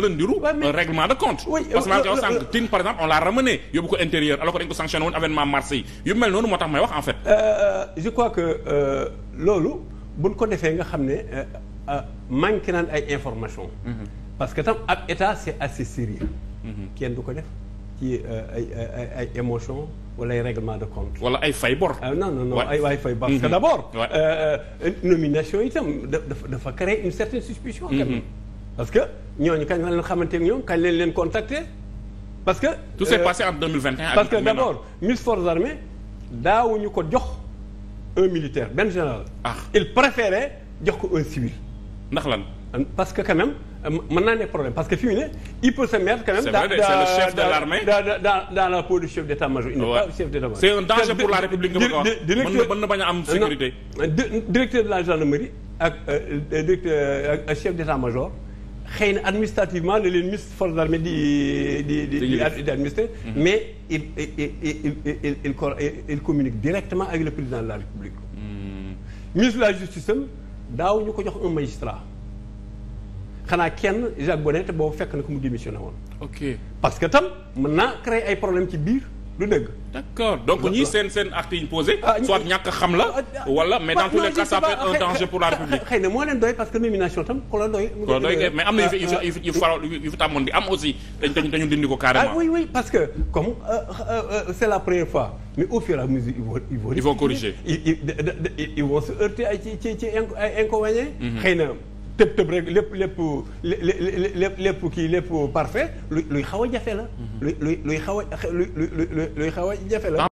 dana de compte euh, euh, par exemple on l'a ramené yóbbu ko intérieur alors que dañ ko sanctionné woon avènement mars yi mel noonu moo tax may wax en fait euh, je crois que loolu buñ ko defee nga xam ne manqué naan ay information mm-hmm. parce que tam ab état c'est assez sérieux mm-hmm. kenn du ko def ci ay émotion wala ay règlement de compte. wala ay fay bor. Ah, non non ay waay fay bor. parce que mm-hmm. d'abord. nomination itam dafa dafa créer une certaine suspicion. quand parce que ñooñu kañ la leen xamante ak ñoom leen leen contacter parce que. tout s'est euh, passé en 2021. parce que d' abord Miss Forces armées ñu ko jox un militaire benn général. ah il préférait jox ko un civil. ndax lan. parce que quand même mën naa ne problème parce que fi mu ne il peut se mettre quand même. c'est vrai c'est le chef de dans la peau du chef d'état-major. il n'est pas chef d'état-major. c'est un danger pour la république nga bëgg a wax mën na bañ a am sécurité. directeur de la gendarmerie ak euh, euh, directeur ak chef d'état-major. xëy na administrativement la leen ministre force d' armée di di di di mhm. mais il il il il communique directement avec le président de la république mhm. ministre de la justice am daaw ñu ko jox un magistrat xanaa kenn Jacques Bonnet boobu fekk na ko mu démissionné woon ok parce que tam mën naa créer ay problème ci biir lu dëgg. d'accord donc ñii seen seen acte yi ah, soit ñàkk xam la. Ah, ah, wala mais dans tous les cas ça peut être un danger pour la République. xëy na moo leen doy parce que nomination tam ku doy. mais am na yu fi yu fi yu fi tàmmoon di am aussi dañu dañu dindi ko carrément. ah oui oui parce que comme euh, euh, euh, c'est la première fois mais au fur et à mesure ils vont ils vont. ils vont corriger ils vont se heurter ay ci ci ci inconvénients. Mhm. xëy na. tëb tëb rek lépp lépp lépp lépp kii lépp parfait luy luy xaw a jafe la. Mm-hmm. luy luy xaw a luy luy luy xaw a jafe la.